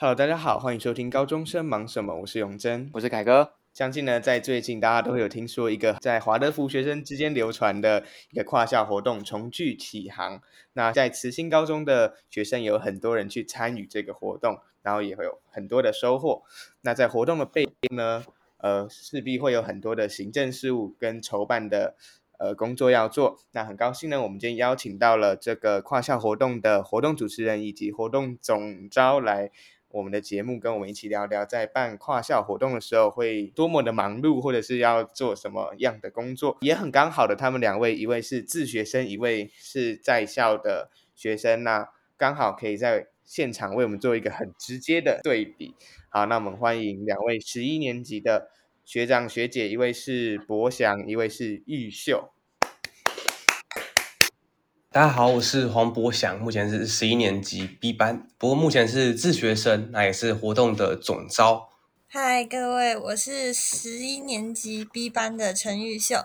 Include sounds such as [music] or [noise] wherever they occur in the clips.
Hello，大家好，歡迎收聽《高中生忙什麼》。我是永珍，我是凱哥。相信呢，在最近大家都會有聽說一個在華德福學生之間流傳的一個跨校活動——重聚啟航。那在慈心高中的學生有很多人去參與這個活動，然後也會有很多的收穫。那在活動的背後呢，呃，勢必會有很多的行政事務跟籌辦的呃工作要做。那很高興呢，我們今天邀請到了這個跨校活動的活動主持人以及活動總招來。我們的節目跟我們一起聊聊，在辦跨校活動的時候會多麼的忙碌，或者是要做什麼樣的工作，也很剛好的。他們兩位，一位是自學生，一位是在校的學生，啊，那剛好可以在現場為我們做一個很直接的對比。好，那我們歡迎兩位十一年級的學長學姐，一位是柏翔，一位是昱秀。大家好，我是黃柏翔，目前是十一年級 B 班，不過目前是自學生，那也是活動的總招。嗨，各位，我是十一年級 B 班的陳昱秀，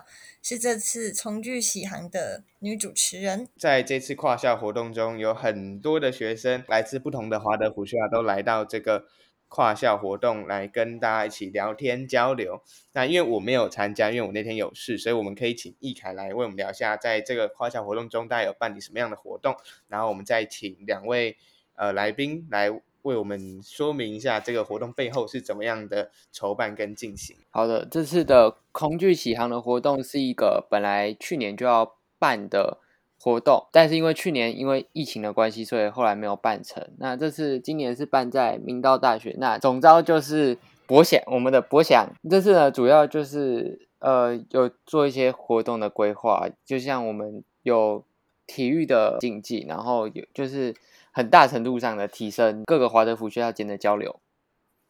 是這次重聚啟航的女主持人。在這次跨校活動中，有很多的學生來自不同的華德福學校，都來到這個。跨校活動來跟大家一起聊天交流。那因為我沒有參加，因為我那天有事，所以我們可以請易凱來為我們聊一下，在這個跨校活動中，大家有辦理什麼樣的活動？然後我們再請兩位呃來賓來為我們說明一下這個活動背後是怎麼樣的籌辦跟進行。好的，這次的重聚啟航的活動是一個本來去年就要辦的。活動，但是因為去年因為疫情的關係，所以後來沒有辦成。那這次今年是辦在明道大學。那總招就是柏翔，我們的柏翔，這次呢，主要就是呃有做一些活動的規劃，就像我們有體育的競技，然後有就是很大程度上的提升各個華德福學校間的交流。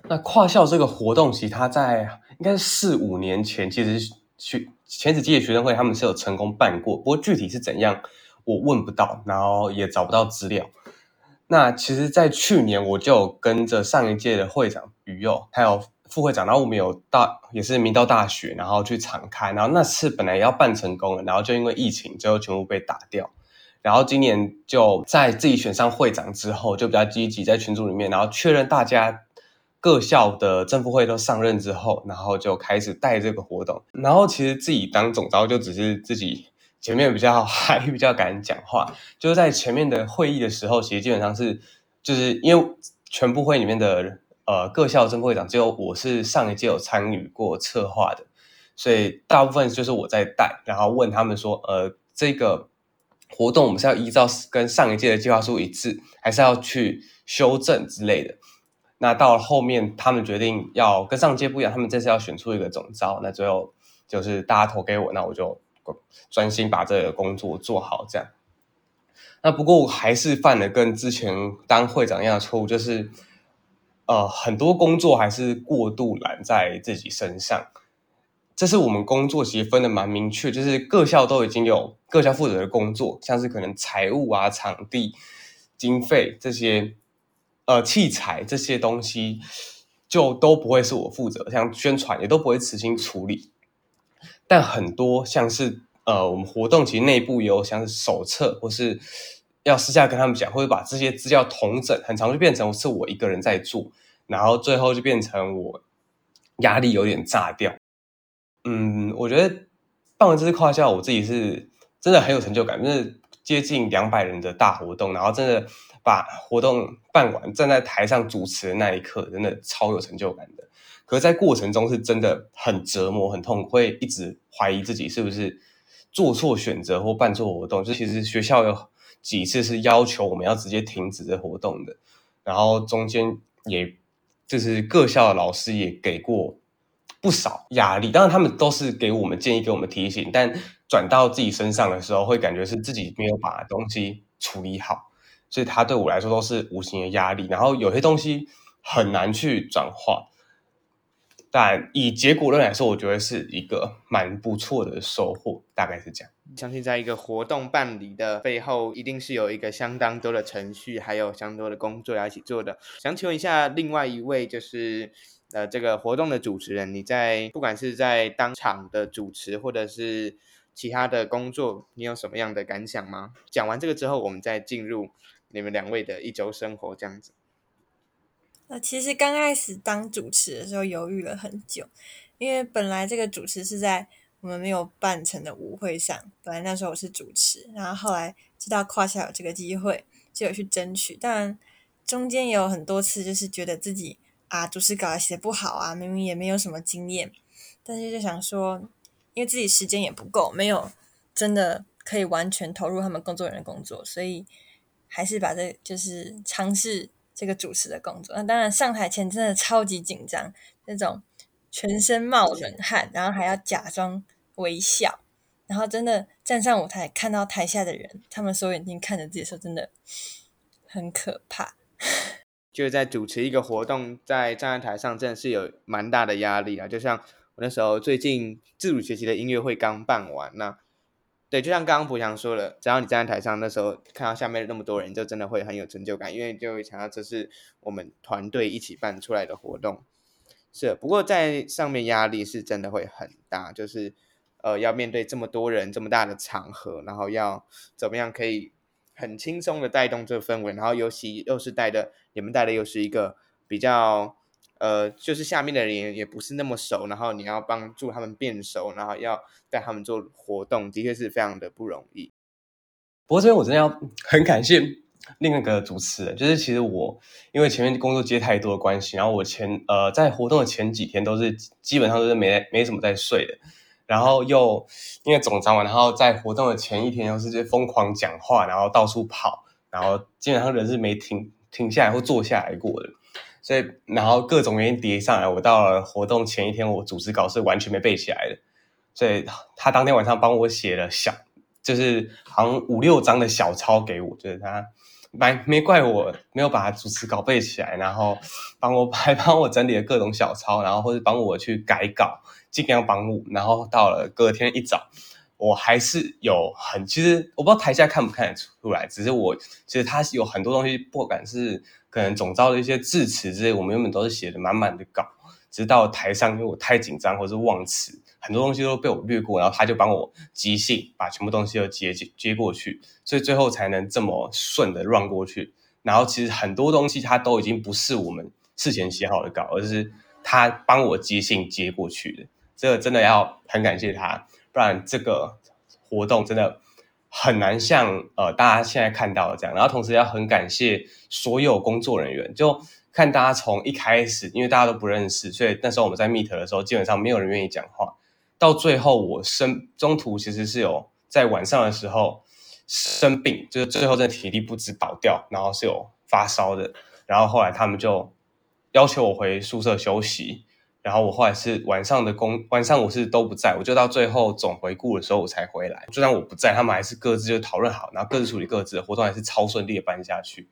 那跨校這個活動，其實它在應該是四五年前，其實學前幾屆的學生會他們是有成功辦過，不過具體是怎樣？我問不到，然後也找不到資料。那其實，在去年我就跟着上一屆的會長余佑，還有副會長，然後我們有大也是明道大學，然後去敞開，然後那次本來要辦成功了，然後就因為疫情，最後全部被打掉。然後今年就在自己選上會長之後，就比較積極在群組裡面，然後確認大家各校的正副會都上任之後，然後就開始帶這個活動。然後其實自己當總召，就只是自己。前面比較還比較敢講話，就是在前面的會議的時候，其實基本上是就是因為全部會裡面的呃各校正會長，只有我是上一屆有參與過策劃的，所以大部分就是我在帶，然後問他們說，呃，這個活動我們是要依照跟上一屆的計劃書一致，還是要去修正之類的？那到了後面，他們決定要跟上一屆不一樣，他們這次要選出一個總招，那最後就是大家投給我，那我就。專心把這個工作做好，這樣。那不過還是犯了跟之前當會長一樣的錯誤，就是呃，很多工作還是過度攬在自己身上。這是我們工作其實分的蠻明確，就是各校都已經有各校負責的工作，像是可能財務啊、場地、經費這些，呃，器材這些東西就都不會是我負責，像宣傳也都不會慈心處理。但很多像是呃，我們活動其實內部有像是手冊或是要私下跟他們講，或者把這些資料統整，很常就變成是我一個人在做，然後最後就變成我壓力有點炸掉。嗯，我覺得辦完這次跨校，我自己是真的很有成就感，就是接近兩百人的大活動，然後真的。把活動辦完，站在台上主持的那一刻，真的超有成就感的。可是，在過程中是真的很折磨、很痛苦，會一直懷疑自己是不是做錯選擇或辦錯活動。就其實學校有幾次是要求我們要直接停止這活動的，然後中間也就是各校的老師也給過不少壓力。當然，他們都是給我們建議、給我們提醒，但轉到自己身上的時候，會感覺是自己沒有把東西處理好。所以它對我來說都是無形的壓力，然後有些東西很難去轉化。但以結果論來說，我覺得是一個蠻不錯的收穫，大概是這樣。相信在一個活動辦理的背後，一定是有一個相當多的程序，還有相當多的工作要一起做的。想請問一下，另外一位就是呃，這個活動的主持人，你在不管是在當場的主持，或者是其他的工作，你有什麼樣的感想嗎？講完這個之後，我們再進入。你們兩位的一周生活這樣子。那其實剛開始當主持的時候，猶豫了很久，因為本來這個主持是在我們沒有辦成的舞會上，本來那時候我是主持，然後後來知道跨校有這個機會，就有去爭取。當然中間也有很多次，就是覺得自己啊，主持稿得寫得不好啊，明明也沒有什麼經驗，但是就想說，因為自己時間也不夠，沒有真的可以完全投入他們工作人員的工作，所以。還是把這就是嘗試這個主持的工作。那當然，上台前真的超級緊張，那種全身冒冷汗，然後還要假裝微笑，然後真的站上舞台，看到台下的人，他們所有眼睛看着自己的時候，真的很可怕。就是在主持一個活動，在站在台上，真的是有蠻大的壓力啊。就像我那時候，最近自主學習的音樂會剛辦完那對，就像剛剛柏翔說的，只要你站在台上，那時候看到下面那麼多人，就真的會很有成就感，因為就會想到這是我們團隊一起辦出來的活動。是，不過在上面壓力是真的會很大，就是呃要面對這麼多人、這麼大的場合，然後要怎麼樣可以很輕鬆的帶動這氛圍，然後尤其又是帶的你們帶的又是一個比較。呃，就是下面的人也不是那麼熟，然後你要幫助他們變熟，然後要帶他們做活動，的確是非常的不容易。不過這邊我真的要很感謝另一個主持人，就是其實我因為前面工作接太多的關係，然後我前呃在活動的前幾天都是基本上都是沒沒怎麼在睡的，然後又因為總招嘛，然後在活動的前一天又是就瘋狂講話，然後到處跑，然後基本上人是沒停停下來或坐下來過的。所以，然後各種原因疊上來，我到了活動前一天，我主持稿是完全沒背起來的。所以，他當天晚上幫我寫了小，就是好像五六張的小抄給我，就是他沒沒怪我沒有把他主持稿背起來，然後幫我還幫我整理了各種小抄，然後或者幫我去改稿，盡量幫我。然後到了隔天一早，我還是有很，其實我不知道台下看不看得出來，只是我其實他是有很多東西不管是。可能總招的一些致詞之類，我們原本都是寫得滿滿的稿，直到台上因為我太緊張或者忘詞，很多東西都被我略過，然後他就幫我即興把全部東西都接接接過去，所以最後才能這麼順的 run 過去。然後其實很多東西他都已經不是我們事前寫好的稿，而是他幫我即興接過去的，這個真的要很感謝他，不然這個活動真的。很難像呃大家現在看到的這樣，然後同時要很感謝所有工作人員，就看大家從一開始，因為大家都不認識，所以那時候我們在 meet 的時候，基本上沒有人願意講話。到最後我生中途其實是有在晚上的時候生病，就是最後這體力不支倒掉，然後是有發燒的，然後後來他們就要求我回宿舍休息。然後我後來是晚上的工，晚上我是都不在，我就到最後總回顧的時候我才回來。就算我不在，他們還是各自就討論好，然後各自處理各自的活動，還是超順利的辦下去。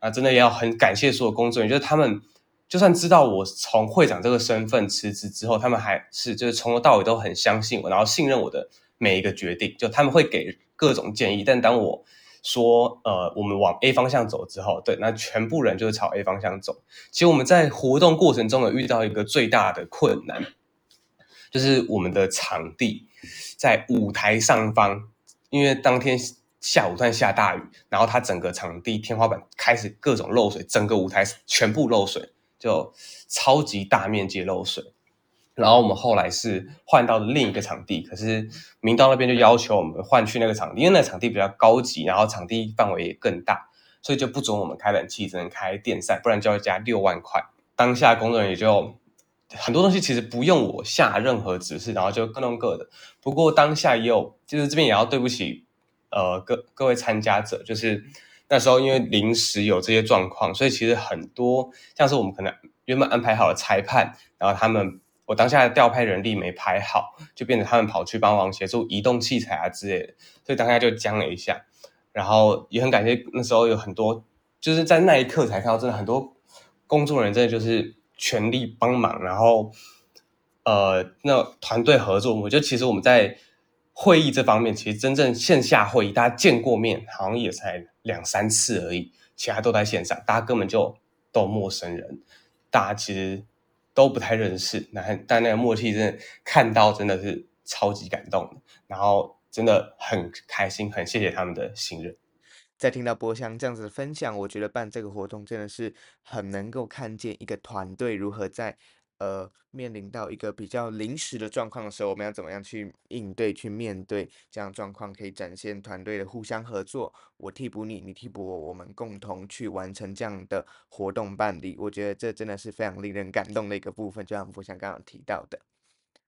啊，真的也要很感謝所有工作人員，就是他們就算知道我從會長這個身份辭職之後，他們還是就是從頭到尾都很相信我，然後信任我的每一個決定，就他們會給各種建議，但當我說呃，我們往 A 方向走之後，對，那全部人就是朝 A 方向走。其實我們在活動過程中有遇到一個最大的困難，就是我們的場地在舞台上方，因為當天下午段下大雨，然後它整個場地天花板開始各種漏水，整個舞台全部漏水，就超級大面積漏水。然後我們後來是換到了另一個場地，可是明道那邊就要求我們換去那個場地，因為那個場地比較高級，然後場地範圍也更大，所以就不准我們開冷氣，只能開電扇，不然就要加六萬塊。當下工作人員也就很多東西其實不用我下任何指示，然後就各弄各的。不過當下也有，就是這邊也要對不起，呃，各各位參加者，就是那時候因為臨時有這些狀況，所以其實很多，像是我們可能原本安排好了裁判，然後他們。我當下的調派人力沒排好，就變成他們跑去幫忙協助移動器材啊之類的，所以當下就僵了一下。然後也很感謝那時候有很多，就是在那一刻才看到真的很多工作人員，真的就是全力幫忙。然後，呃，那個、團隊合作，我覺得其實我們在會議這方面，其實真正線下會議大家見過面，好像也才兩三次而已，其他都在線上，大家根本就都陌生人，大家其實。都不太認識，但但那個默契真的看到真的是超級感動，然後真的很開心，很謝謝他們的信任。在聽到柏翔這樣子的分享，我覺得辦這個活動真的是很能夠看見一個團隊如何在。呃，面臨到一個比較臨時的狀況的時候，我們要怎麼樣去應對、去面對這樣狀況？可以展現團隊的互相合作，我替補你，你替補我，我們共同去完成這樣的活動辦理。我覺得這真的是非常令人感動的一個部分，就像我們剛剛提到的。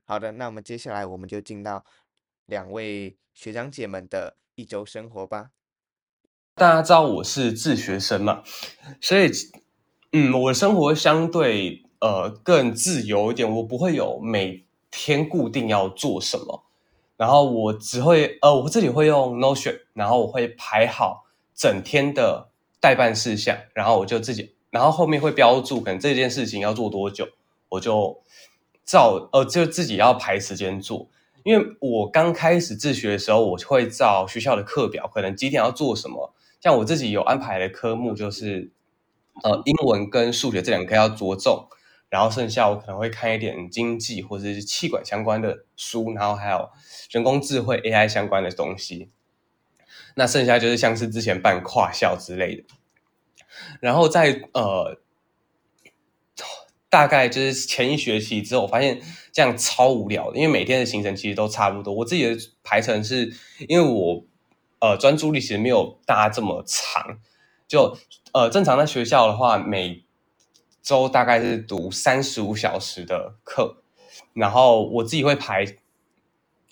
好的，那我們接下來我們就進到兩位學長姐們的一周生活吧。大家知道我是自學生嘛，所以，嗯，我的生活相對呃，更自由一點，我不會有每天固定要做什麼，然後我只會呃，我自己會用 Notion，然後我會排好整天的待辦事項，然後我就自己，然後後面會標注可能這件事情要做多久，我就照呃就自己要排時間做，因為我剛開始自學的時候，我會照學校的課表，可能幾點要做什麼，像我自己有安排的科目就是呃，英文跟數學這兩科要着重。然後剩下我可能會看一點經濟或者是氣管相關的書，然後還有人工智慧 AI 相關的東西。那剩下就是像是之前辦跨校之類的。然後在呃，大概就是前一學期之後，我發現這樣超無聊的，因為每天的行程其實都差不多。我自己的排程是因為我呃專注力其實沒有大家這麼長，就呃正常在學校的話每。週大概是讀三十五小時的課，然後我自己會排，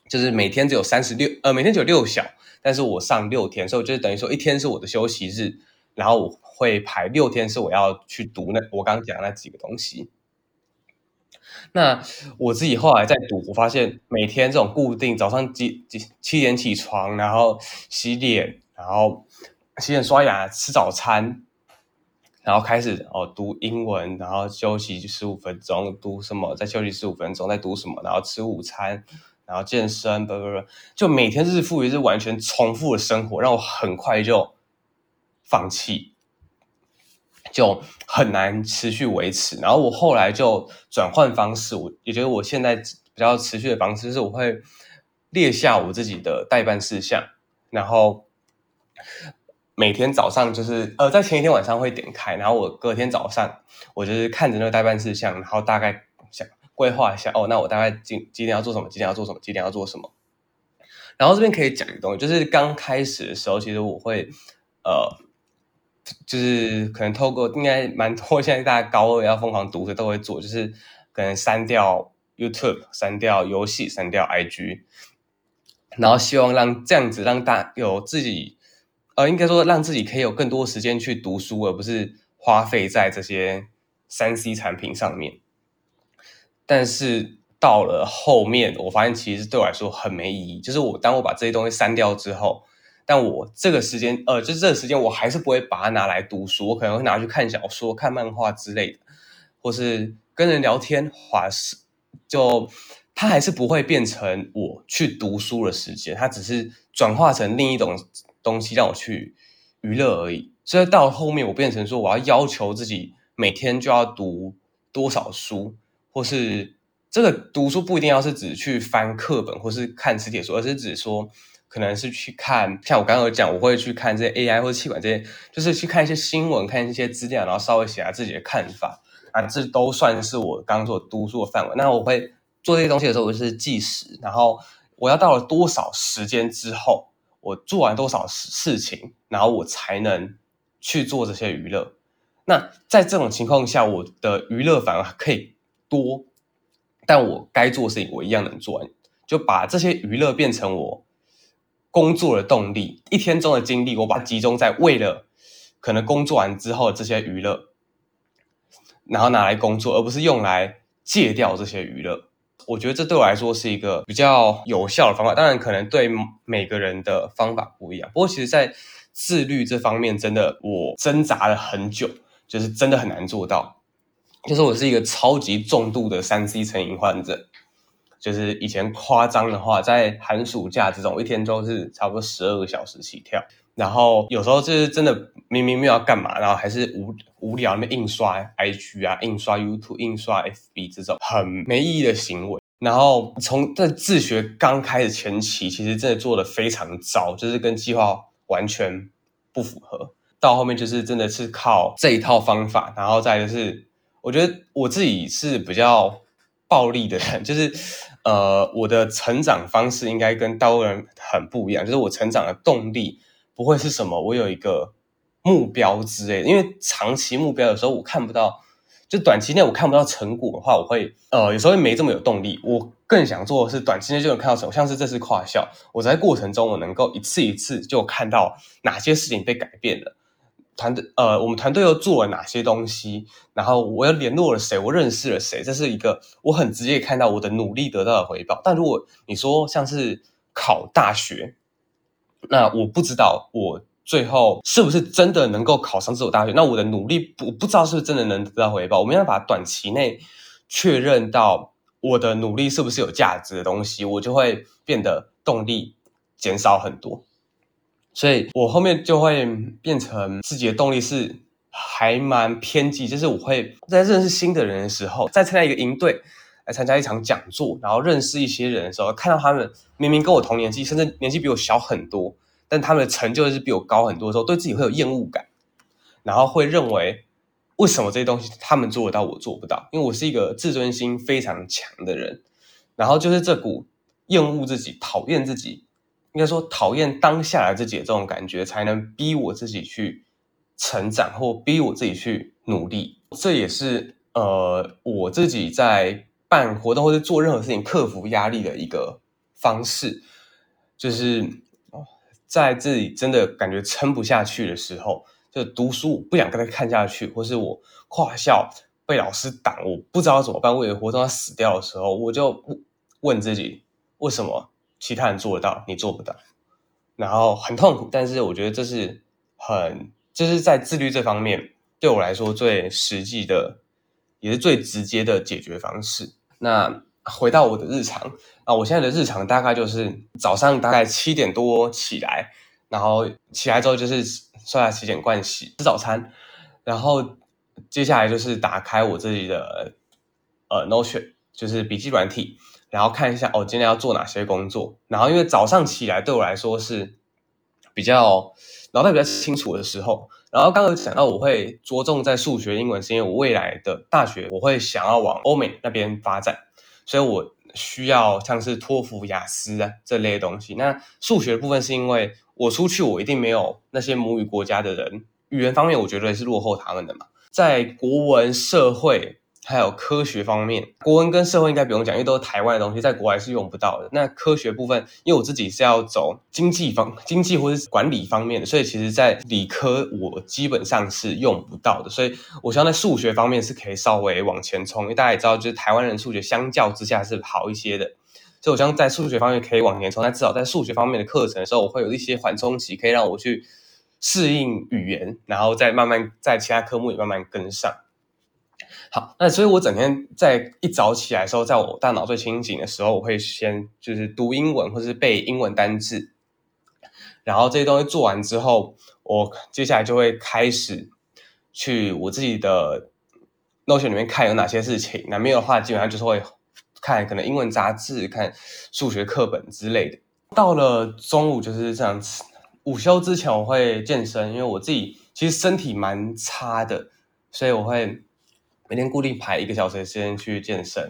就是每天只有三十六，呃，每天只有六小，但是我上六天，所以就是等於說一天是我的休息日，然後我會排六天是我要去讀，那我剛講的那幾個東西。那我自己後來在讀，我發現每天這種固定早上幾幾七點起床，然後洗臉，然後洗臉刷牙吃早餐。然後開始哦，讀英文，然後休息十五分鐘，讀什麼？再休息十五分鐘，再讀什麼？然後吃午餐，然後健身，不不不，就每天日復一日，日，完全重複的生活，讓我很快就放棄，就很難持續維持。然後我後來就轉換方式，我也覺得我現在比較持續的方式是，我會列下我自己的待辦事項，然後。每天早上就是呃，在前一天晚上會點開，然後我隔天早上我就是看着那個待辦事項，然後大概想規劃一下哦，那我大概今今天要做什麼，今天要做什麼，今天要做什麼。然後這邊可以講一個東西，就是剛開始的時候，其實我會呃，就是可能透過應該蠻多現在大家高二要瘋狂讀的都會做，就是可能刪掉 YouTube、刪掉遊戲、刪掉 IG，然後希望讓這樣子讓大有自己。呃，應該說讓自己可以有更多時間去讀書，而不是花費在這些三 C 產品上面。但是到了後面，我發現其實對我來說很沒意義。就是我當我把這些東西刪掉之後，但我這個時間，呃，就是、這個時間我還是不會把它拿來讀書。我可能會拿去看小說、看漫畫之類的，或是跟人聊天，劃是就它還是不會變成我去讀書的時間。它只是轉化成另一種。東西讓我去娛樂而已，所以到後面我變成說，我要要求自己每天就要讀多少書，或是這個讀書不一定要是指去翻課本或是看磁解說，而是指說可能是去看，像我剛剛講，我會去看這些 AI 或者氣管這些，就是去看一些新聞，看一些資料，然後稍微寫下自己的看法啊，這都算是我剛剛說讀書的範圍。那我會做這些東西的時候，我就是計時，然後我要到了多少時間之後。我做完多少事事情，然後我才能去做這些娛樂。那在這種情況下，我的娛樂反而可以多，但我該做的事情我一樣能做完。就把這些娛樂變成我工作的動力，一天中的精力，我把它集中在為了可能工作完之後的這些娛樂，然後拿來工作，而不是用來戒掉這些娛樂。我覺得這對我來說是一個比較有效的方法，當然可能對每個人的方法不一樣。不過其實，在自律這方面，真的我掙扎了很久，就是真的很難做到。就是我是一個超級重度的三 C 成癮患者，就是以前誇張的話，在寒暑假這種一天都是差不多十二個小時起跳。然後有時候就是真的明明沒有要幹嘛，然後還是無無聊那邊印刷 IG 啊、印刷 YouTube、印刷 FB 這種很沒意義的行為。然後從在自學剛開始前期，其實真的做得非常糟，就是跟計劃完全不符合。到後面就是真的是靠這一套方法，然後再來就是我覺得我自己是比較暴力的人，就是呃我的成長方式應該跟大部分人很不一樣，就是我成長的動力。不會是什麼？我有一個目標之類的，因為長期目標有時候我看不到，就短期內我看不到成果的話，我會呃有時候沒這麼有動力。我更想做的是短期內就能看到成果，像是這次跨校，我在過程中我能夠一次一次就看到哪些事情被改變了，團隊呃我們團隊又做了哪些東西，然後我又聯絡了誰，我認識了誰，這是一個我很直接看到我的努力得到的回報。但如果你說像是考大學，那我不知道，我最後是不是真的能夠考上這所大學？那我的努力不不知道是不是真的能得到回報？我沒辦法短期內確認到我的努力是不是有價值的東西，我就會變得動力減少很多。所以我後面就會變成自己的動力是還蠻偏激，就是我會在認識新的人的時候，再參加一個營隊。來參加一場講座，然後認識一些人的時候，看到他們明明跟我同年紀，甚至年紀比我小很多，但他們的成就是比我高很多的時候，對自己會有厭惡感，然後會認為為什麼這些東西他們做得到，我做不到？因為我是一個自尊心非常強的人，然後就是這股厭惡自己、討厭自己，應該說討厭當下的自己的這種感覺，才能逼我自己去成長，或逼我自己去努力。這也是呃我自己在。辦活動或者做任何事情，克服壓力的一個方式，就是在自己真的感覺撐不下去的時候，就讀書我不想跟他看下去，或是我跨校被老師擋，我不知道怎麼辦，我的活動要死掉的時候，我就問自己為什麼其他人做得到，你做不到，然後很痛苦。但是我覺得這是很，就是在自律這方面，對我來說最實際的，也是最直接的解決方式。那回到我的日常啊，我現在的日常大概就是早上大概七點多起來，然後起來之後就是刷牙、洗臉、盥洗、吃早餐，然後接下來就是打開我自己的呃 Notion，就是筆記軟體，然後看一下哦今天要做哪些工作，然後因為早上起來對我來說是比較腦袋比較清楚的時候。然後剛才講到，我會着重在數學、英文，是因為我未來的大學我會想要往歐美那邊發展，所以我需要像是托福、雅思啊這類的東西。那數學的部分是因為我出去，我一定沒有那些母語國家的人語言方面，我絕對是落後他們的嘛，在國文、社會。還有科學方面，國文跟社會應該不用講，因為都是台灣的東西，在國外是用不到的。那科學部分，因為我自己是要走經濟方、經濟或是管理方面的，所以其實在理科我基本上是用不到的。所以，我希望在數學方面是可以稍微往前衝，因為大家也知道，就是台灣人數學相較之下是好一些的，所以，我希望在數學方面可以往前衝。但至少在數學方面的課程的時候，我會有一些緩衝期，可以讓我去適應語言，然後再慢慢在其他科目也慢慢跟上。好，那所以我整天在一早起來的時候，在我大腦最清醒的時候，我會先就是讀英文或是背英文單字，然後這些東西做完之後，我接下來就會開始去我自己的 Notion 裡面看有哪些事情。那沒有的話，基本上就是會看可能英文雜誌、看數學課本之類的。到了中午就是這樣子，午休之前我會健身，因為我自己其實身體蠻差的，所以我會。每天固定排一個小時的時間去健身，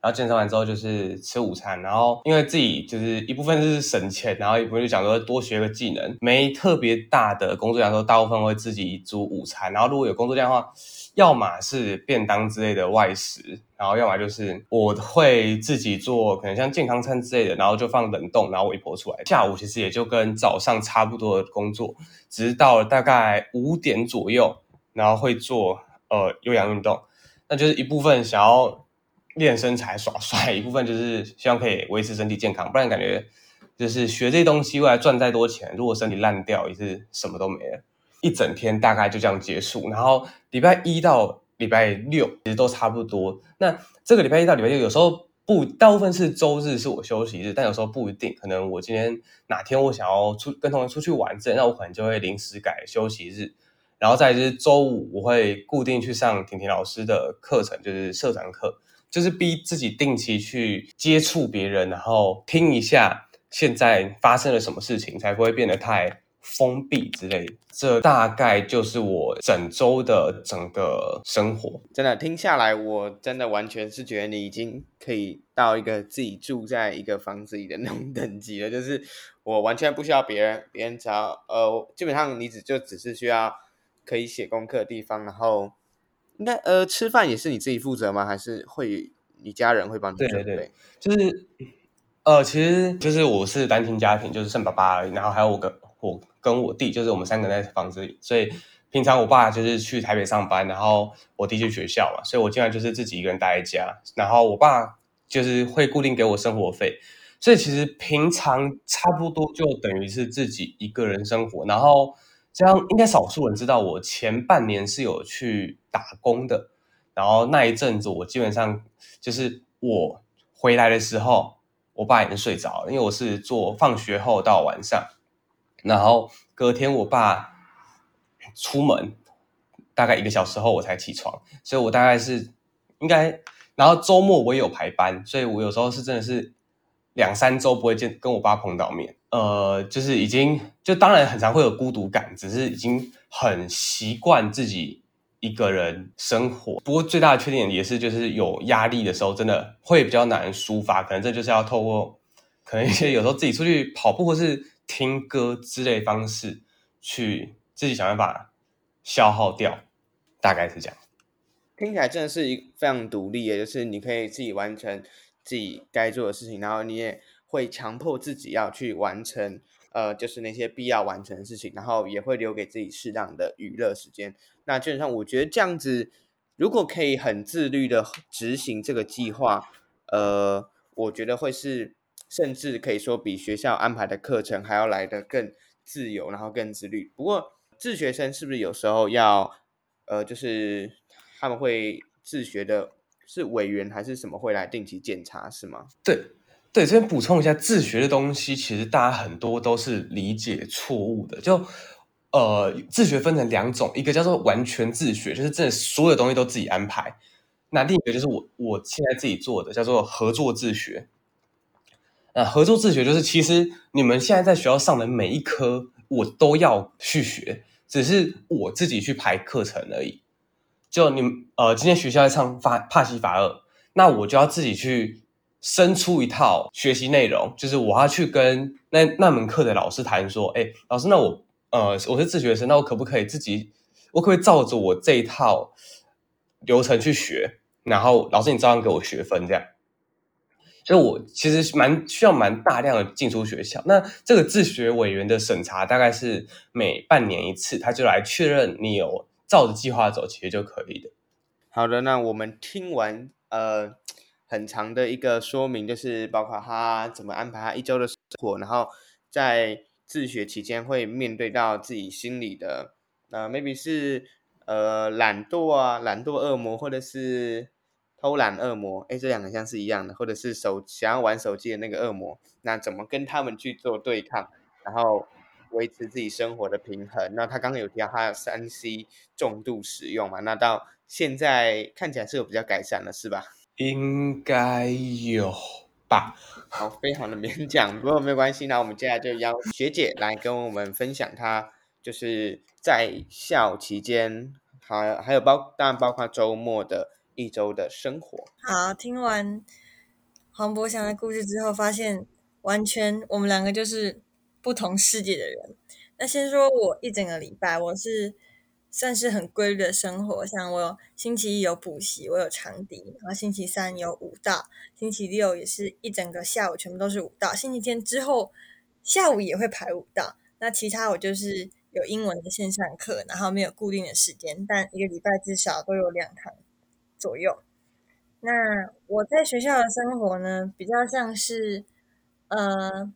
然後健身完之後就是吃午餐。然後因為自己就是一部分是省錢，然後一部分就講說多學個技能。沒特別大的工作量，說大部分會自己煮午餐。然後如果有工作量的話，要麼是便當之類的外食，然後要麼就是我會自己做，可能像健康餐之類的，然後就放冷凍，然後我一剖出來。下午其實也就跟早上差不多的工作，直到大概五點左右，然後會做呃有氧運動。那就是一部分想要練身材耍帥，一部分就是希望可以維持身體健康。不然感覺就是學這些東西，未來賺再多錢，如果身體爛掉也是什麼都沒了。一整天大概就這樣結束。然後禮拜一到禮拜六其實都差不多。那這個禮拜一到禮拜六，有時候不，大部分是周日是我休息日，但有時候不一定。可能我今天哪天我想要出跟同學出去玩之類，這樣那我可能就會臨時改休息日。然後再就是周五，我會固定去上婷婷老師的課程，就是社長課，就是逼自己定期去接觸別人，然後聽一下現在發生了什麼事情，才不會變得太封閉之類的。這大概就是我整周的整個生活。真的聽下來，我真的完全是覺得你已經可以到一個自己住在一個房子裡的那種等級了，就是我完全不需要別人，別人只要呃，基本上你只就只是需要。可以寫功課的地方，然後那呃，吃飯也是你自己負責嗎？還是會你家人會幫你準備？對對對，就是呃，其實就是我是單親家庭，就是剩爸爸而已，然後還有我跟我跟我弟，就是我們三個人在房子裡。所以平常我爸就是去台北上班，然後我弟去學校嘛，所以我基本上就是自己一個人待在家。然後我爸就是會固定給我生活費，所以其實平常差不多就等於是自己一個人生活，然後。這樣應該少數人知道，我前半年是有去打工的。然後那一陣子，我基本上就是我回來的時候，我爸已經睡着了，因為我是做放學後到晚上。然後隔天我爸出門，大概一個小時後我才起床，所以我大概是應該。然後週末我也有排班，所以我有時候是真的是兩三週不會見跟我爸碰到面。呃，就是已經就當然很常會有孤獨感，只是已經很習慣自己一個人生活。不過最大的缺點也是就是有壓力的時候，真的會比較難抒發。可能這就是要透過可能一些有時候自己出去跑步或是聽歌之類方式去自己想辦法消耗掉。大概是這樣。聽起來真的是一個非常獨立的，就是你可以自己完成自己該做的事情，然後你也。會強迫自己要去完成，呃，就是那些必要完成的事情，然後也會留給自己適當的娛樂時間。那基本上，我覺得這樣子，如果可以很自律地執行這個計劃，呃，我覺得會是，甚至可以說比學校安排的課程還要來得更自由，然後更自律。不過，自學生是不是有時候要，呃，就是他們會自學的，是委員還是什麼會來定期檢查，是嗎？對。對，這邊補充一下，自學的東西其實大家很多都是理解錯誤的。就呃，自學分成兩種，一個叫做完全自學，就是真的所有的東西都自己安排；那另一個就是我我現在自己做的，叫做合作自學。那、呃、合作自學就是，其實你們現在在學校上的每一科，我都要去學，只是我自己去排課程而已。就你們呃，今天學校要唱《法帕西法爾》，那我就要自己去生出一套學習內容，就是我要去跟那那門課的老師談說，哎，老師，那我呃，我是自學生，那我可不可以自己，我可不可以照着我這一套流程去學？然後老師你照樣給我學分，這樣，所以我其實蠻需要蠻大量的進出學校。那這個自學委員的審查大概是每半年一次，他就來確認你有照着計劃走，其實就可以的。好的，那我們聽完呃。很長的一個說明，就是包括他怎麼安排他一周的生活，然後在自學期間會面對到自己心裡的，呃 maybe 是呃懶惰啊，懶惰惡魔，或者是偷懶惡魔，誒，這兩個像是一樣的，或者是手想要玩手機的那個惡魔，那怎麼跟他們去做對抗，然後維持自己生活的平衡？那他剛剛有提到他有三 C 重度使用嘛，那到現在看起來是有比較改善了，是吧？應該有吧，好，非常的勉強，不過沒有關係。那我們接下來就邀學姐來跟我們分享，她就是在校期間，還還有包，當然包括周末的一周的生活。好，聽完黃柏翔的故事之後，發現完全我們兩個就是不同世界的人。那先說我一整個禮拜，我是。算是很規律的生活，像我有星期一有補習，我有長笛，然後星期三有舞蹈，星期六也是一整個下午全部都是舞蹈，星期天之後下午也會排舞蹈。那其他我就是有英文的線上課，然後沒有固定的時間，但一個禮拜至少都有兩堂左右。那我在學校的生活呢，比較像是，呃。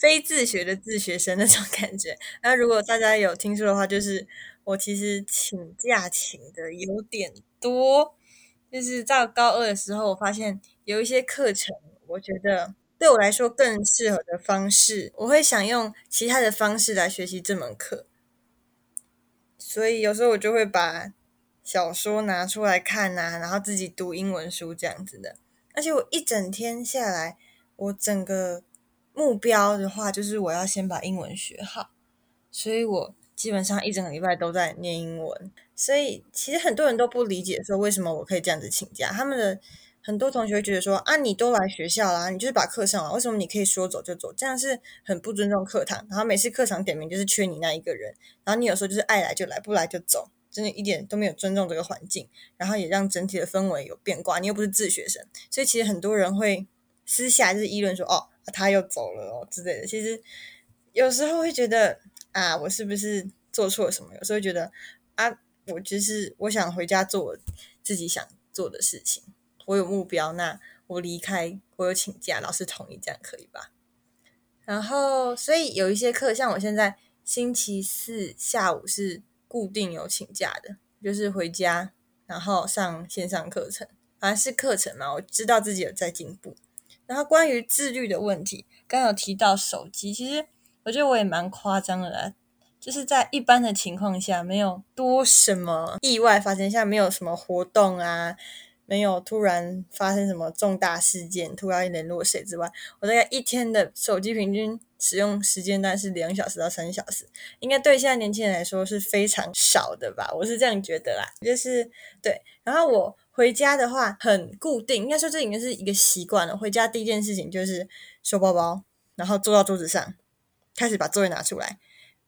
非自學的自學生那種感覺。那如果大家有聽說的話，就是我其實請假請的有點多。就是到高二的時候，我發現有一些課程，我覺得對我來說更適合的方式，我會想用其他的方式來學習這門課。所以有時候我就會把小說拿出來看吶、啊，然後自己讀英文書這樣子的。而且我一整天下來，我整個。目標的話，就是我要先把英文學好，所以我基本上一整個禮拜都在念英文。所以其實很多人都不理解說，為什麼我可以這樣子請假。他們的很多同學會覺得說啊，你都來學校啦，你就是把課上完，為什麼你可以說走就走？這樣是很不尊重課堂。然後每次課堂點名就是缺你那一個人，然後你有時候就是愛來就來，不來就走，真的一點都沒有尊重這個環境，然後也讓整體的氛圍有變化。你又不是自學生，所以其實很多人會私下就是議論說哦。啊，他又走了哦，之類的。其實有時候會覺得啊，我是不是做錯了什麼？有時候覺得啊，我就是我想回家做我自己想做的事情，我有目標，那我離開，我有請假，老師同意，這樣可以吧？然後，所以有一些課，像我現在星期四下午是固定有請假的，就是回家，然後上線上課程，反正是課程嘛，我知道自己有在進步。然後關於自律的問題，剛剛有提到手機，其實我覺得我也蠻誇張的啦，就是在一般的情況下沒有多什麼意外發生，像沒有什麼活動啊。沒有突然發生什麼重大事件，突然聯絡誰之外，我大概一天的手機平均使用時間段是兩小時到三小時，應該對現在年輕人來說是非常少的吧，我是這樣覺得啦，就是對。然後我回家的話很固定，應該說這已經是一個習慣了。回家第一件事情就是收包包，然後坐到桌子上，開始把作業拿出來。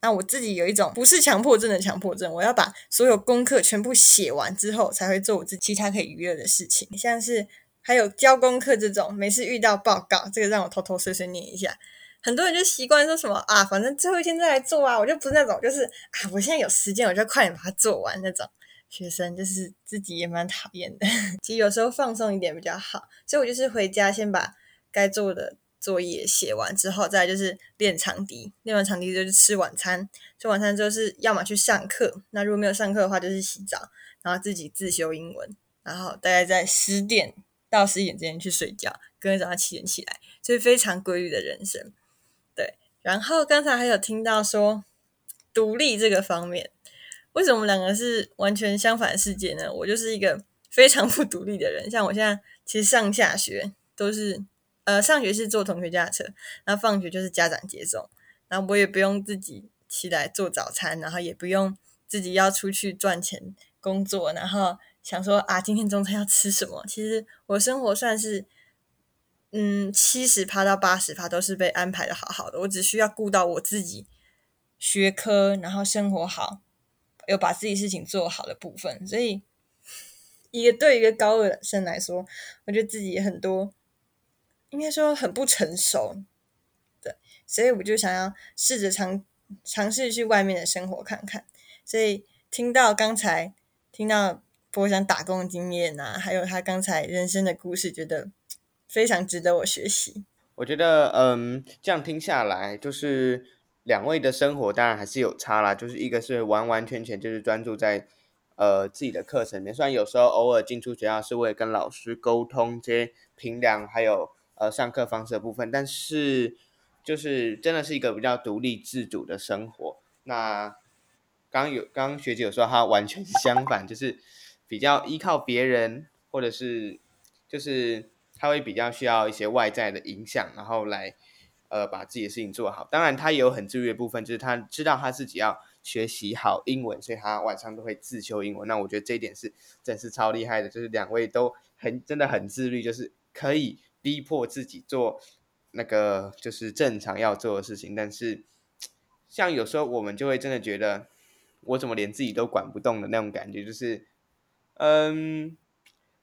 那我自己有一種不是強迫症的強迫症，我要把所有功課全部寫完之後，才會做我自己其他可以娛樂的事情，像是還有交功課這種，每次遇到報告，這個讓我偷偷碎碎念一下。很多人就習慣說什麼啊，反正最後一天再來做啊，我就不是那種，就是啊，我現在有時間，我就快點把它做完那種學生，就是自己也蠻討厭的。其實有時候放鬆一點比較好，所以我就是回家先把該做的。作業寫完之後，再就是練長笛。練完長笛就是吃晚餐，吃晚餐之後是要麼去上課。那如果沒有上課的話，就是洗澡，然後自己自修英文。然後大概在十點到十一點之間去睡覺，跟早上七點起來，所以非常規律的人生。對。然後剛才還有聽到說獨立這個方面，為什麼我們兩個是完全相反的世界呢？我就是一個非常不獨立的人，像我現在其實上下學都是。呃，上學是坐同學家的車，那放學就是家長接送，然後我也不用自己起來做早餐，然後也不用自己要出去賺錢工作，然後想說啊，今天中餐要吃什麼？其實我生活算是，嗯，七十趴到八十趴都是被安排的好好的，我只需要顧到我自己學科，然後生活好，有把自己事情做好的部分，所以一個對一個高二生來說，我覺得自己也很多。應該說很不成熟，對，所以我就想要試着嘗嘗試去外面的生活看看。所以聽到剛才聽到柏翔打工的經驗啊，還有他剛才人生的故事，覺得非常值得我學習。我覺得，嗯，這樣聽下來，就是兩位的生活當然還是有差啦，就是一個是完完全全就是專注在呃自己的課程裡面，雖然有時候偶爾進出學校是為了跟老師溝通，這些評量還有。呃，上課方式的部分，但是就是真的是一個比較獨立自主的生活。那剛有，剛學姐有說，他完全相反，就是比較依靠別人，或者是就是他會比較需要一些外在的影響，然後來呃把自己的事情做好。當然，他也有很自律的部分，就是他知道他自己要學習好英文，所以他晚上都會自修英文。那我覺得這一點是真是超厲害的，就是兩位都很真的很自律，就是可以。逼迫自己做那個就是正常要做的事情，但是像有時候我們就會真的覺得我怎麼連自己都管不動的那種感覺，就是嗯，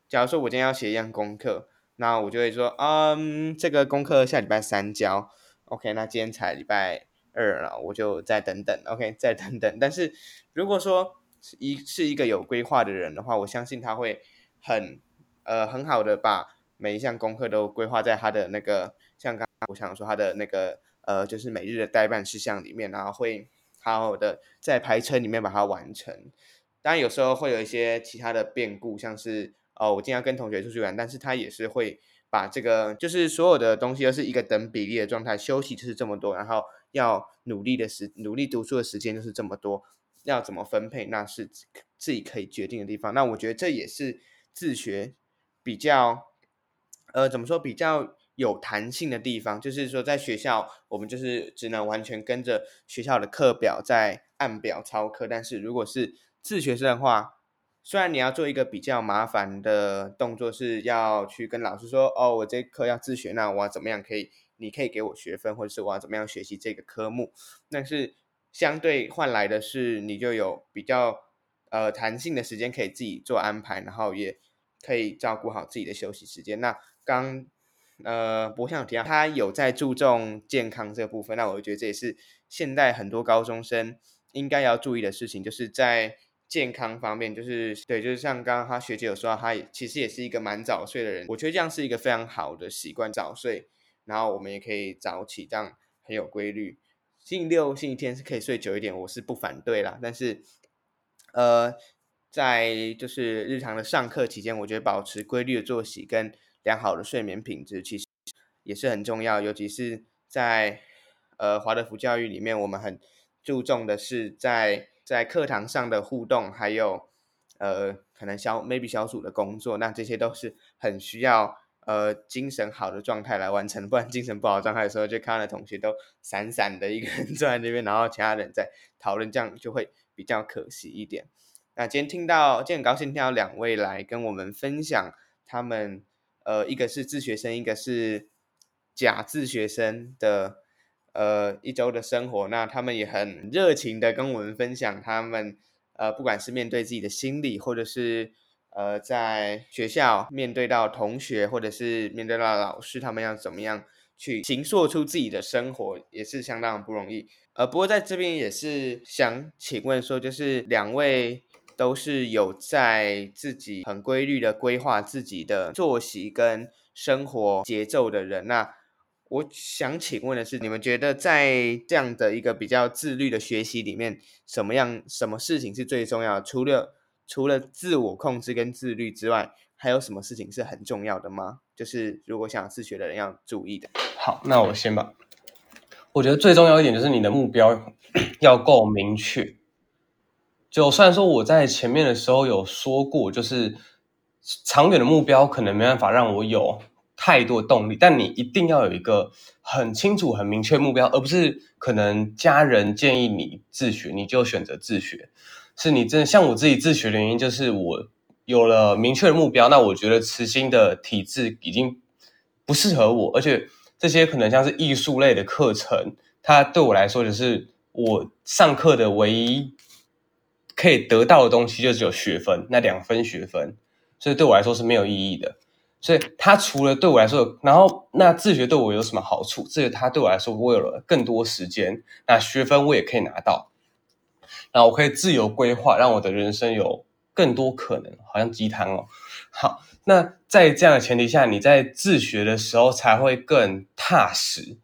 假如說我今天要寫一樣功課，那我就會說嗯，這個功課下禮拜三交，OK，那今天才禮拜二了，我就再等等，OK，再等等。但是如果說一是一個有規劃的人的話，我相信他會很呃很好的把。每一項功課都規劃在他的那個，像剛剛我想說他的那個呃，就是每日的待辦事項裡面，然後會好好的在排程裡面把它完成。當然有時候會有一些其他的變故，像是哦，我經常跟同學出去玩，但是他也是會把這個就是所有的東西都是一個等比例的狀態，休息就是這麼多，然後要努力的時努力讀書的時間就是這麼多，要怎麼分配那是自己可以決定的地方。那我覺得這也是自學比較。呃，怎麼說比較有彈性的地方，就是說在學校，我們就是只能完全跟着學校的課表在按表操課。但是如果是自學生的話，雖然你要做一個比較麻煩的動作，是要去跟老師說，哦，我這課要自學，那我要怎麼樣可以？你可以給我學分，或者是我要怎麼樣學習這個科目？但是相對換來的是，你就有比較呃彈性的時間可以自己做安排，然後也可以照顧好自己的休息時間。那剛，呃，柏翔有提到他有在注重健康這個部分，那我就覺得這也是現代很多高中生應該要注意的事情，就是在健康方面，就是對，就是像剛剛他學姐有說到，他也其實也是一個蠻早睡的人，我覺得這樣是一個非常好的習慣，早睡，然後我們也可以早起，這樣很有規律。星期六、星期天是可以睡久一點，我是不反對啦，但是，呃，在就是日常的上課期間，我覺得保持規律的作息跟良好的睡眠品質其實也是很重要，尤其是在呃華德福教育裡面，我們很注重的是在在課堂上的互動，還有呃可能小 maybe 小組的工作，那這些都是很需要呃精神好的狀態來完成，不然精神不好的狀態的時候，就看到同學都散散的一個人坐在那邊， [laughs] 然後其他人在討論，這樣就會比較可惜一點。那今天聽到，今天很高興聽到兩位來跟我們分享他們。呃，一個是自學生，一個是假自學生的，呃，一周的生活，那他們也很熱情的跟我們分享他們，呃，不管是面對自己的心理，或者是呃，在學校面對到同學，或者是面對到老師，他們要怎麼樣去形塑出自己的生活，也是相當不容易。呃，不過在這邊也是想請問說，就是兩位，都是有在自己很規律的規劃自己的作息跟生活節奏的人。那我想請問的是，你們覺得在這樣的一個比較自律的學習裡面，什麼樣什麼事情是最重要的？除了除了自我控制跟自律之外，還有什麼事情是很重要的嗎？就是如果想要自學的人要注意的。好，那我先吧。我覺得最重要一點就是你的目標要夠明確。就雖然說我在前面的時候有說過，就是長遠的目標可能沒辦法讓我有太多動力，但你一定要有一個很清楚、很明確目標，而不是可能家人建議你自學，你就選擇自學。是你真的像我自己自學的原因，就是我有了明確的目標。那我覺得慈心的體制已經不適合我，而且這些可能像是藝術類的課程，它對我來說就是我上課的唯一。可以得到的東西就只有學分，那兩分學分，所以對我來說是沒有意義的。所以他除了對我來說，然後那自學對我有什麼好處？這是他對我來說，我有了更多時間，那學分我也可以拿到，然後我可以自由規劃，讓我的人生有更多可能。好像雞湯哦。好，那在這樣的前提下，你在自學的時候才會更踏實，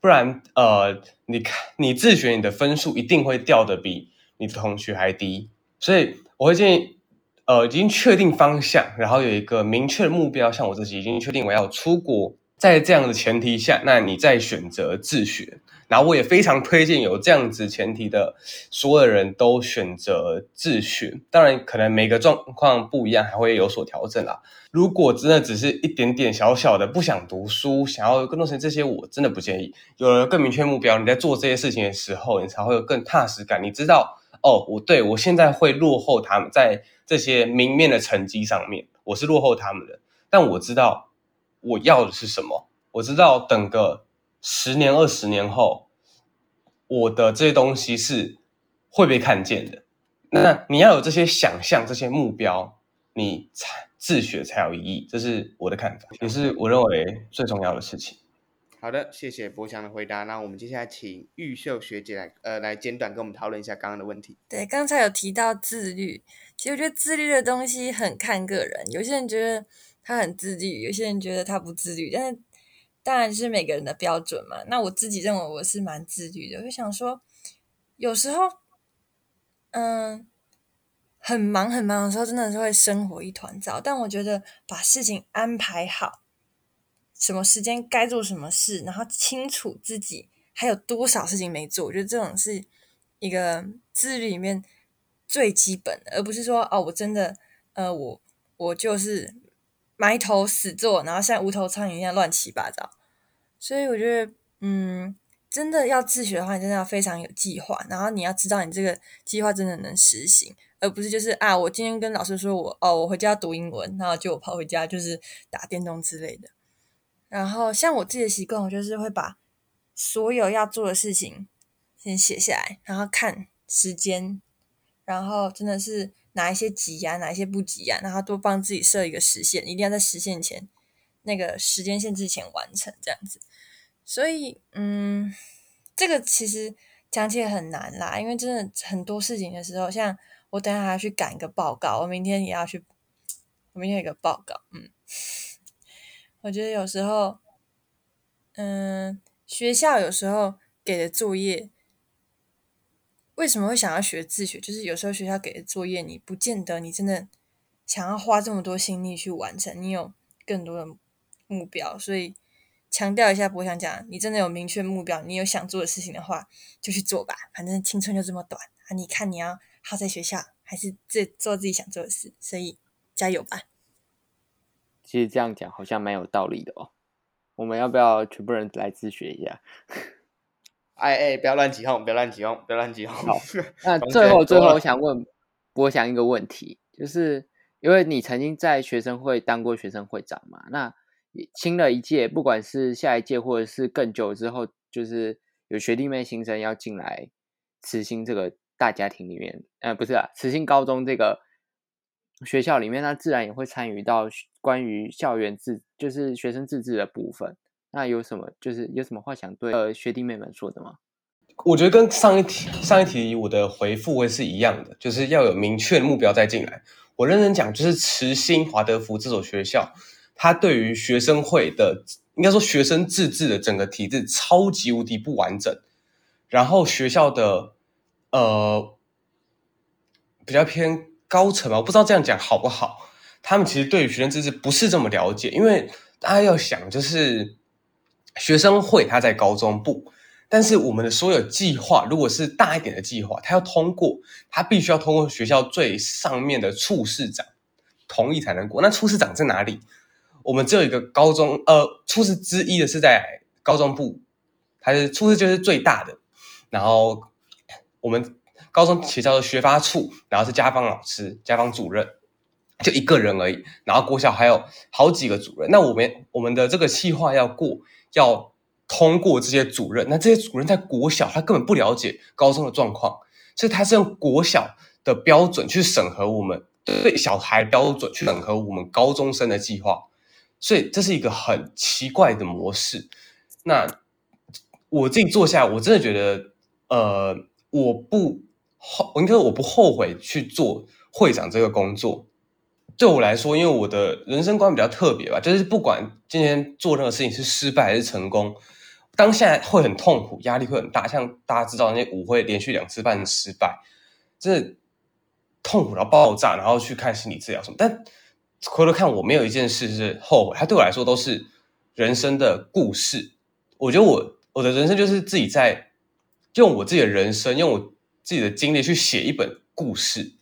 不然呃，你看你自學你的分數一定會掉得比。你的同學還低，所以我會建議，呃，已經確定方向，然後有一個明確的目標，像我自己已經確定我要出國，在這樣的前提下，那你再選擇自學。然後我也非常推薦有這樣子前提的所有人都選擇自學。當然，可能每個狀況不一樣，還會有所調整啦。如果真的只是一點點小小的不想讀書，想要更多錢，這些我真的不建議。有了更明確目標，你在做這些事情的時候，你才會有更踏實感，你知道。哦，我對，我現在會落後他們，在這些明面的成績上面，我是落後他們的。但我知道我要的是什麼，我知道等個十年二十年後，我的這些東西是會被看見的。那你要有這些想象，這些目標，你才自學才有意義。這是我的看法，也是我認為最重要的事情。好的，謝謝柏翔的回答。那我們接下來請昱秀學姐來，呃，來簡短跟我們討論一下剛剛的問題。對，剛才有提到自律，其實我覺得自律的東西很看個人。有些人覺得他很自律，有些人覺得他不自律，但是當然是每個人的標準嘛。那我自己認為我是蠻自律的。我就想說，有時候，嗯、呃，很忙很忙的時候，真的是會生活一團糟。但我覺得把事情安排好。什麼時間該做什麼事，然後清楚自己還有多少事情沒做，我覺得這種是一個自律裡面最基本的，而不是說哦我真的呃，我我就是埋頭死做，然後像無頭蒼蠅一樣亂七八糟。所以我覺得，嗯，真的要自學的話，你真的要非常有計劃，然後你要知道你這個計劃真的能實行，而不是就是啊，我今天跟老師說我哦，我回家讀英文，然後就我跑回家就是打電動之類的。然後像我自己的習慣，我就是會把所有要做的事情先寫下來，然後看時間，然後真的是哪一些急呀、啊，哪一些不急呀、啊，然後多幫自己設一個時限，一定要在時限前那個時間限制前完成這樣子。所以，嗯，這個其實講起來很難啦，因為真的很多事情的時候，像我等下要去趕一個報告，我明天也要去，我明天有個報告，嗯。我覺得有時候，嗯、呃，學校有時候給的作業，為什麼會想要學自學？就是有時候學校給的作業，你不見得你真的想要花這麼多心力去完成。你有更多的目標，所以強調一下，不過我想講，你真的有明確目標，你有想做的事情的話，就去做吧。反正青春就這麼短啊！你看你要耗在學校，還是自己做自己想做的事？所以加油吧！其實這樣講好像蠻有道理的哦，我們要不要全部人來自學一下？哎哎，不要亂起哄，不要亂起哄，不要亂起哄。好，那最後最後，我想問， [laughs] 我想一個問題，就是因為你曾經在學生會當過學生會長嘛？那也親了一屆，不管是下一屆或者是更久之後，就是有學弟妹新生要進來，慈心這個大家庭裡面，呃不是啊，慈心高中這個。學校裡面，他自然也會參與到關於校園自，就是學生自治的部分。那有什麼，就是有什麼話想對呃學弟妹們說的嗎？我覺得跟上一題上一題我的回復會是一樣的，就是要有明確的目標再進來。我認真講，就是慈心華德福這所學校，它對於學生會的，應該說學生自治的整個體制超級無敵不完整。然後學校的呃比較偏。高層嘛，我不知道這樣講好不好。他們其實對於學生自治不是這麼了解，因為大家要想，就是學生會他在高中部，但是我們的所有計劃，如果是大一點的計劃，他要通過，他必須要通過學校最上面的處室長同意才能過。那處室長在哪裡？我們只有一個高中，呃，處室之一的是在高中部，還是處室就是最大的？然後我們。高中學校的學發處，然後是家訪老師、家訪主任，就一個人而已。然後國小還有好幾個主任。那我們我們的這個計劃要過，要通過這些主任。那這些主任在國小，他根本不了解高中的狀況，所以他是用國小的標準去審核我們，對小孩標準去審核我們高中生的計劃。所以這是一個很奇怪的模式。那我自己做下來，我真的覺得，呃，我不。後，我應該說我不後悔去做會長這個工作。對我來說，因為我的人生觀比較特別吧，就是不管今天做任何事情是失敗還是成功，當下會很痛苦，壓力會很大。像大家知道，那些舞會連續兩次半失敗，真的痛苦到爆炸，然後去看心理治療什麼。但回頭看，我沒有一件事是後悔，它對我來說都是人生的故事。我覺得我我的人生就是自己在用我自己的人生，用我。自己的經歷去寫一本故事，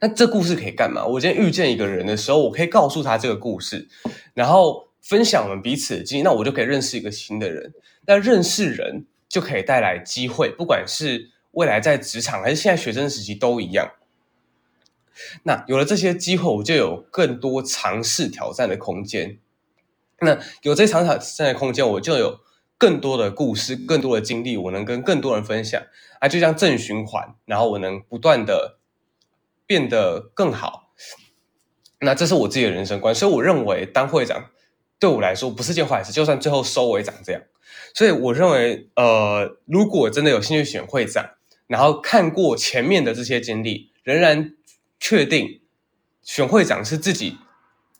那這故事可以幹嘛？我今天遇見一個人的時候，我可以告訴他這個故事，然後分享我們彼此的經歷，那我就可以認識一個新的人。那認識人就可以帶來機會，不管是未來在職場還是現在學生時期都一樣。那有了這些機會，我就有更多嘗試挑戰的空間。那有這嘗試挑戰的空間，我就有。更多的故事，更多的經歷，我能跟更多人分享，啊，就像正循環，然後我能不斷的變得更好。那這是我自己的人生觀，所以我認為當會長對我來說不是件壞事，就算最後收尾長這樣。所以我認為，呃，如果真的有興趣選會長，然後看過前面的這些經歷，仍然確定選會長是自己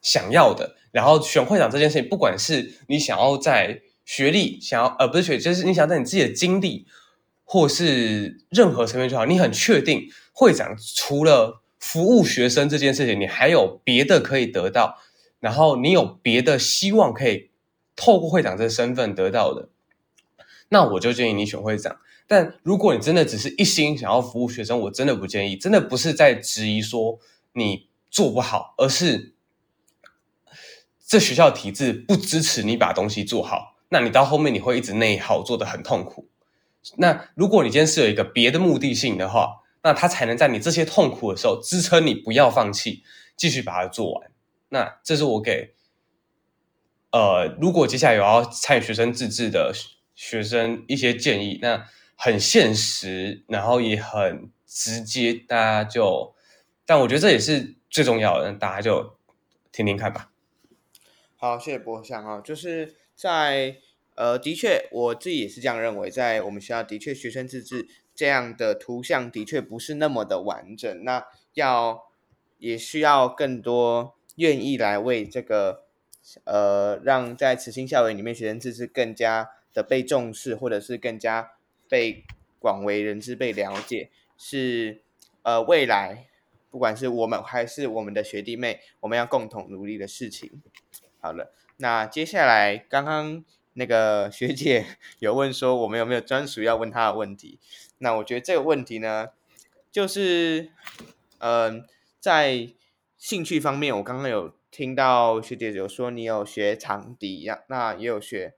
想要的，然後選會長這件事情，不管是你想要在。學歷想要，呃，不是學歷，就是你想在你自己的經歷或是任何層面就好。你很確定會長除了服務學生這件事情，你還有別的可以得到，然後你有別的希望可以透過會長這身份得到的，那我就建議你選會長。但如果你真的只是一心想要服務學生，我真的不建議，真的不是在質疑說你做不好，而是這學校體制不支持你把東西做好。那你到後面你會一直內耗，做得很痛苦。那如果你今天是有一個別的目的性的話，那他才能在你這些痛苦的時候支撐你不要放棄，繼續把它做完。那這是我給，呃，如果接下來有要參與學生自治的學生一些建議，那很現實，然後也很直接，大家就，但我覺得這也是最重要的，大家就聽聽看吧。好，謝謝柏翔啊、哦，就是。在呃，的確，我自己也是這樣認為。在我們學校，的確，學生自治這樣的圖像的確不是那麼的完整。那要也需要更多願意來為這個呃，讓在慈心校園裡面學生自治更加的被重視，或者是更加被廣為人知，被了解，是呃未來不管是我們還是我們的學弟妹，我們要共同努力的事情。好了。那接下來，剛剛那個學姐有問說，我們有沒有專屬要問她的問題？那我覺得這個問題呢，就是，嗯，在興趣方面，我剛剛有聽到學姐有說，你有學長笛呀，那也有學，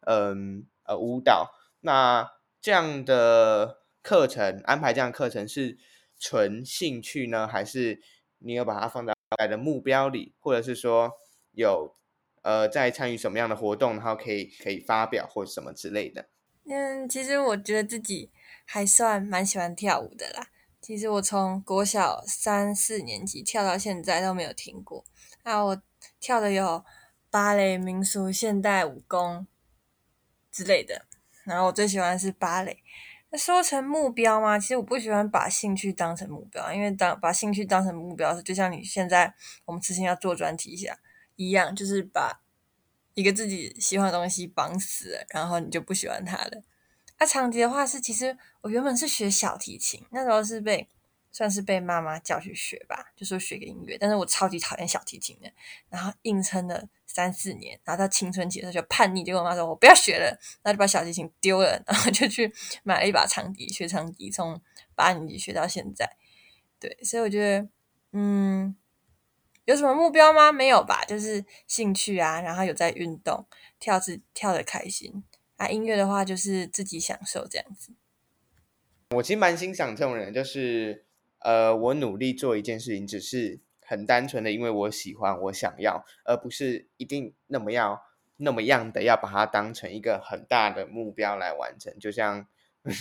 嗯，呃，舞蹈。那這樣的課程安排，這樣的課程是純興趣呢，還是你有把它放在未來的目標裡，或者是說有？呃，在參與什麼樣的活動，然後可以可以發表或什麼之類的。嗯，其實我覺得自己還算蠻喜歡跳舞的啦。其實我從國小三四年級跳到現在都沒有停過，啊，我跳的有芭蕾、民俗、現代、武功之類的。然後我最喜歡的是芭蕾。那說成目標嘛，其實我不喜歡把興趣當成目標，因為當把興趣當成目標是，就像你現在我們之前要做專題一下。一樣，就是把一個自己喜歡的東西綁死了，然後你就不喜歡它了。那、啊、長笛的話是，其實我原本是學小提琴，那時候是被算是被媽媽叫去學吧，就說、是、學個音樂。但是我超級討厭小提琴的，然後硬撐了三四年，然後到青春期的時候就叛逆，結果我媽說：“我不要學了。”，那就把小提琴丟了，然後就去買了一把長笛，學長笛，從八年級學到現在。對，所以我覺得，嗯。有什麼目標嗎？沒有吧，就是興趣啊，然後有在運動，跳自跳的開心啊。音樂的話，就是自己享受這樣子。我其實蠻欣賞這種人，就是呃，我努力做一件事情，只是很單純的因為我喜歡，我想要，而不是一定那麼要那麼樣的要把它當成一個很大的目標來完成。就像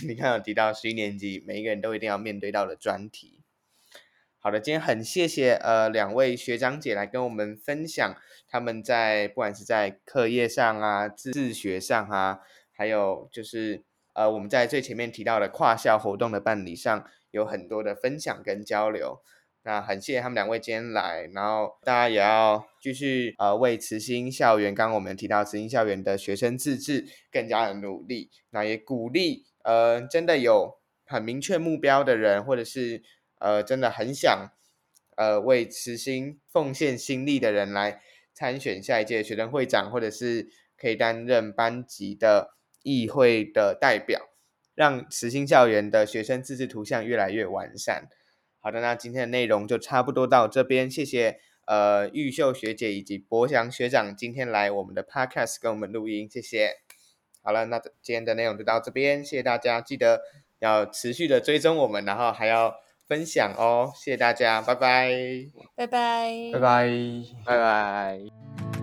你看有提到十一年級，每一個人都一定要面對到的專題。好的，今天很謝謝呃兩位學長姐來跟我們分享他們在不管是在課業上啊、自學上啊，還有就是呃我們在最前面提到的跨校活動的辦理上有很多的分享跟交流。那很謝謝他們兩位今天來，然後大家也要繼續呃為慈心校園，剛剛我們提到慈心校園的學生自治更加的努力。那也鼓勵呃真的有很明確目標的人，或者是。呃，真的很想，呃，為慈心奉獻心力的人來參選下一屆學生會長，或者是可以擔任班級的議會的代表，讓慈心校園的學生自治圖像越來越完善。好的，那今天的內容就差不多到這邊，謝謝呃昱秀學姐以及柏翔學長今天來我們的 podcast 跟我們錄音，謝謝。好了，那今天的內容就到這邊，謝謝大家，記得要持續的追蹤我們，然後還要。分享哦，謝謝大家，拜拜，拜拜，拜拜， [laughs] 拜拜。